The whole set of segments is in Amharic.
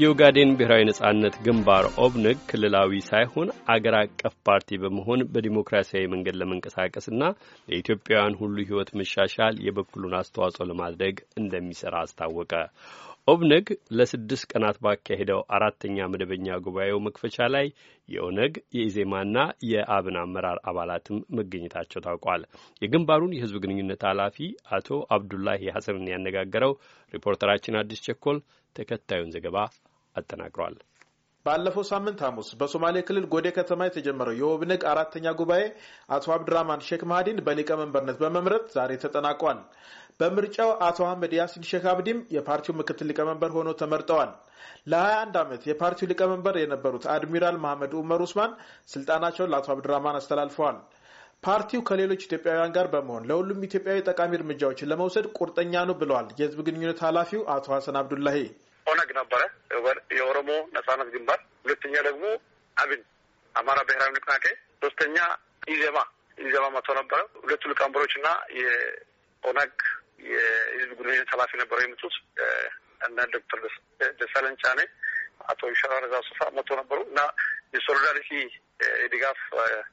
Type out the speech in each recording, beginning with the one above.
የኦጋዴን ብሔራዊ ነጻነት ግንባር ኦብነግ ክልላዊ ሳይሆን አገር አቀፍ ፓርቲ በመሆን በዲሞክራሲያዊ መንገድ ለመንቀሳቀስና ለኢትዮጵያውያን ሁሉ ሕይወት መሻሻል የበኩሉን አስተዋጽኦ ለማድረግ እንደሚሰራ አስታወቀ። ኦብነግ ለስድስት ቀናት ባካሄደው አራተኛ መደበኛ ጉባኤው መክፈቻ ላይ የኦነግ የኢዜማና የአብን አመራር አባላትም መገኘታቸው ታውቋል። የግንባሩን የህዝብ ግንኙነት ኃላፊ አቶ አብዱላሂ ሐሰንን ያነጋገረው ሪፖርተራችን አዲስ ቸኮል ተከታዩን ዘገባ አጠናቅሯል። ባለፈው ሳምንት ሐሙስ በሶማሌ ክልል ጎዴ ከተማ የተጀመረው የኦብነግ አራተኛ ጉባኤ አቶ አብድራማን ሼክ ማህዲን በሊቀመንበርነት በመምረጥ ዛሬ ተጠናቋል። በምርጫው አቶ አህመድ ያሲን ሼክ አብዲም የፓርቲው ምክትል ሊቀመንበር ሆነው ተመርጠዋል። ለ21 ዓመት የፓርቲው ሊቀመንበር የነበሩት አድሚራል መሐመድ ኡመር ኡስማን ስልጣናቸውን ለአቶ አብድራማን አስተላልፈዋል። ፓርቲው ከሌሎች ኢትዮጵያውያን ጋር በመሆን ለሁሉም ኢትዮጵያዊ ጠቃሚ እርምጃዎችን ለመውሰድ ቁርጠኛ ነው ብለዋል የህዝብ ግንኙነት ኃላፊው አቶ ሀሰን አብዱላሂ ኦነግ ነበረ የኦሮሞ ነጻነት ግንባር፣ ሁለተኛ ደግሞ አብን አማራ ብሔራዊ ንቅናቄ፣ ሶስተኛ ኢዜማ ኢዜማ መቶ ነበረ። ሁለቱ ሊቀመንበሮች እና የኦነግ የህዝብ ግንኙነት ኃላፊ ነበረ የመጡት እና ዶክተር ደሳለኝ ጫኔ፣ አቶ ይሸራ ረዛ ሱፋ መቶ ነበሩ እና የሶሊዳሪቲ የድጋፍ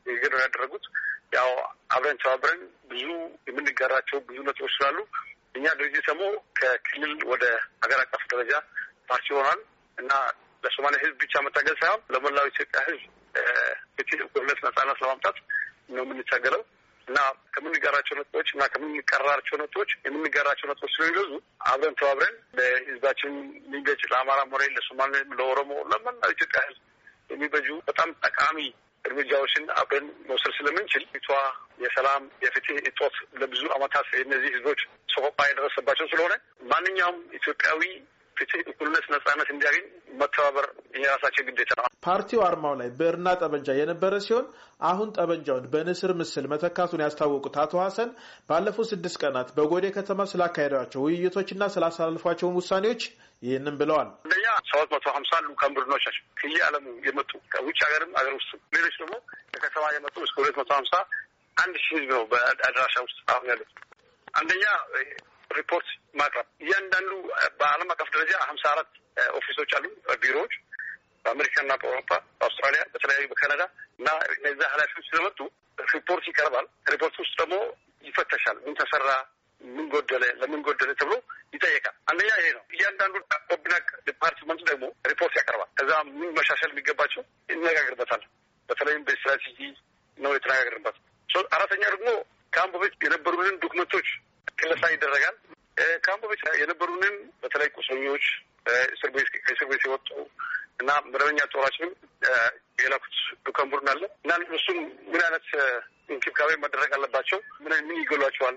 ንግግር ያደረጉት። ያው አብረን ተባብረን ብዙ የምንጋራቸው ብዙ ነጥቦች ስላሉ እኛ ድርጅት ደግሞ ከክልል ወደ ሀገር አቀፍ ደረጃ ፓርቲ ሆኗል እና ለሶማሌ ህዝብ ብቻ መታገል ሳይሆን ለመላው ኢትዮጵያ ህዝብ ፍትህ፣ እኩልነት፣ ነጻነት ለማምጣት ነው የምንታገለው እና ከምንጋራቸው ነጥቦች እና ከምንቀራራቸው ነጥቦች የምንጋራቸው ነጥቦች ስለሚገዙ አብረን ተባብረን ለህዝባችን የሚበጅ ለአማራ ሞሬ፣ ለሶማሌ፣ ለኦሮሞ፣ ለመላው ኢትዮጵያ ህዝብ የሚበጁ በጣም ጠቃሚ እርምጃዎችን አብረን መውሰድ ስለምንችል ቷ የሰላም የፍትህ እጦት ለብዙ አመታት የነዚህ ህዝቦች ሰቆቃ የደረሰባቸው ስለሆነ ማንኛውም ኢትዮጵያዊ ፍትህ፣ እኩልነት፣ ነጻነት እንዲያገኝ መተባበር የራሳቸው ግዴታ ነው። ፓርቲው አርማው ላይ ብዕርና ጠበንጃ የነበረ ሲሆን አሁን ጠበንጃውን በንስር ምስል መተካቱን ያስታወቁት አቶ ሀሰን ባለፉት ስድስት ቀናት በጎዴ ከተማ ስላካሄዷቸው ውይይቶችና ስላሳልፏቸውን ውሳኔዎች ይህንም ብለዋል። አንደኛ ሰባት መቶ ሀምሳ ልኡካን ቡድኖች ናቸው አለሙ የመጡ ከውጭ ሀገርም አገር ውስጥ ሌሎች ደግሞ ከከተማ የመጡ እስከ ሁለት መቶ ሀምሳ አንድ ሺህ ህዝብ ነው በአድራሻ ውስጥ አሁን ያሉት አንደኛ ሪፖርት ማቅረብ እያንዳንዱ በዓለም አቀፍ ደረጃ ሀምሳ አራት ኦፊሶች አሉ ቢሮዎች በአሜሪካና በአውሮፓ በአውስትራሊያ፣ በተለያዩ በካናዳ እና እነዚያ ኃላፊዎች ስለመጡ ሪፖርት ይቀርባል። ሪፖርት ውስጥ ደግሞ ይፈተሻል። ምን ተሰራ፣ ምን ጎደለ፣ ለምን ጎደለ ተብሎ ይጠየቃል። አንደኛ ይሄ ነው። እያንዳንዱ ኮብናቅ ዲፓርትመንት ደግሞ ሪፖርት ያቀርባል። ከዛ ምን መሻሻል የሚገባቸው ይነጋገርበታል። በተለይም በስትራቴጂ ነው የተነጋገርበት። አራተኛ ደግሞ ከአምቦ ቤት የነበሩንን ዶክመንቶች ክለሳ ይደረጋል። ካምፖ ብቻ የነበሩንን በተለይ ቁስለኞች ከእስር ቤት ሲወጡ እና መደበኛ ጦራችንም የላኩት ዱከምቡርን አለ እና እሱም ምን አይነት እንክብካቤ መደረግ አለባቸው፣ ምን ምን ይገሏቸዋል፣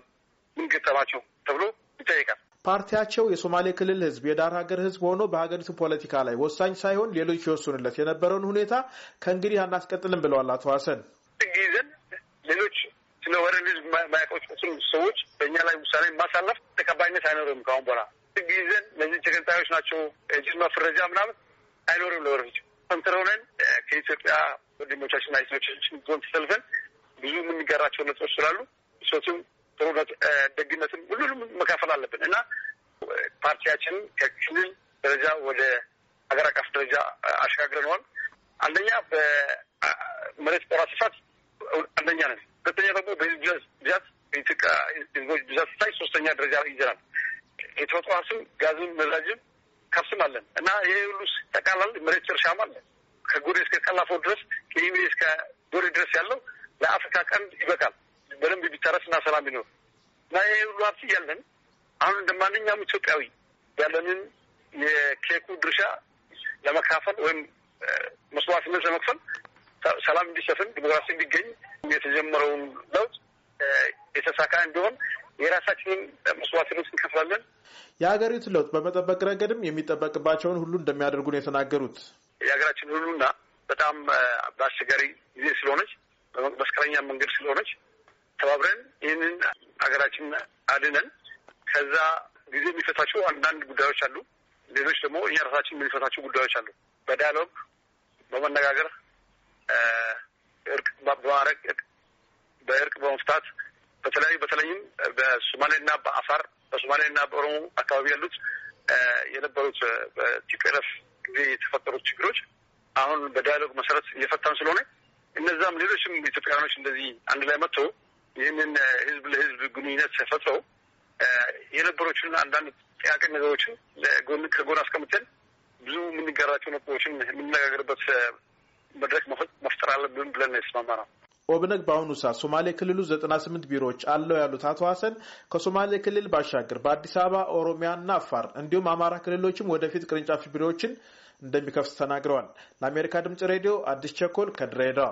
ምን ገጠማቸው ተብሎ ይጠይቃል። ፓርቲያቸው የሶማሌ ክልል ህዝብ የዳር ሀገር ህዝብ ሆኖ በሀገሪቱ ፖለቲካ ላይ ወሳኝ ሳይሆን ሌሎች ይወስኑለት የነበረውን ሁኔታ ከእንግዲህ አናስቀጥልም ብለዋል አቶ ሀሰን። የሚመለከቱን ሰዎች በእኛ ላይ ውሳኔ ማሳለፍ ተቀባይነት አይኖርም። ከአሁን በኋላ ህግ እነዚህ ተገንጣዮች ናቸው እጅ መፍረጃ ምናምን አይኖርም። ለወደፊት ኮንትር ከኢትዮጵያ ወንድሞቻችንና እህቶቻችን ጎን ተሰልፈን ብዙ የምንገራቸው ነጥቦች ስላሉ እሶቱም ጥሩነት፣ ደግነትን ሁሉንም መካፈል አለብን እና ፓርቲያችን ከክልል ደረጃ ወደ ሀገር አቀፍ ደረጃ አሸጋግረነዋል። አንደኛ በመሬት ቆራ ስፋት አንደኛ ነን። ሁለተኛ ደግሞ በህዝብ ብዛት የኢትዮጵያ ህዝቦች ብዛት ስታይ ሶስተኛ ደረጃ ላይ ይዘናል። የተፈጥሮ ሀብትም ጋዝም ነዳጅም ከብስም አለን እና ይህ ሁሉ ጠቃላል መሬት እርሻም አለ። ከጎዴ እስከ ቀላፎ ድረስ ከኢሜ እስከ ጎዴ ድረስ ያለው ለአፍሪካ ቀንድ ይበቃል በደንብ ቢታረስ እና ሰላም ይኖር እና ይህ ሁሉ ሀብት እያለን አሁን እንደ ማንኛውም ኢትዮጵያዊ ያለንን የኬኩ ድርሻ ለመካፈል ወይም መስዋዕትነት ለመክፈል ሰላም እንዲሰፍን ዲሞክራሲ እንዲገኝ የተጀመረውን የተሳካ እንዲሆን የራሳችንን መስዋዕትነት እንከፍላለን። የሀገሪቱን ለውጥ በመጠበቅ ረገድም የሚጠበቅባቸውን ሁሉ እንደሚያደርጉ ነው የተናገሩት። የሀገራችን ሁሉና በጣም በአስቸጋሪ ጊዜ ስለሆነች፣ በመስቀለኛ መንገድ ስለሆነች ተባብረን ይህንን ሀገራችን አድነን ከዛ ጊዜ የሚፈታቸው አንዳንድ ጉዳዮች አሉ። ሌሎች ደግሞ እኛ ራሳችን የምንፈታቸው ጉዳዮች አሉ። በዳያሎግ በመነጋገር እርቅ በማድረግ በእርቅ በመፍታት በተለያዩ በተለይም በሶማሌና በአፋር በሶማሌና በኦሮሞ አካባቢ ያሉት የነበሩት በቲፒኤልኤፍ ጊዜ የተፈጠሩት ችግሮች አሁን በዳያሎግ መሰረት እየፈታን ስለሆነ እነዛም ሌሎችም ኢትዮጵያውያኖች እንደዚህ አንድ ላይ መጥቶ ይህንን ህዝብ ለህዝብ ግንኙነት ፈጥረው የነበሮችን አንዳንድ ጥያቄ ነገሮችን ለጎን ከጎን አስቀምጠን ብዙ የምንጋራቸው ነጥቦችን የምንነጋገርበት መድረክ መፍጠር አለብን ብለን የተስማማ ነው። ኦብነግ በአሁኑ ሰዓት ሶማሌ ክልሉ 98 ቢሮዎች አለው ያሉት አቶ ሀሰን ከሶማሌ ክልል ባሻገር በአዲስ አበባ፣ ኦሮሚያና አፋር እንዲሁም አማራ ክልሎችም ወደፊት ቅርንጫፍ ቢሮዎችን እንደሚከፍት ተናግረዋል። ለአሜሪካ ድምጽ ሬዲዮ አዲስ ቸኮል ከድሬዳዋ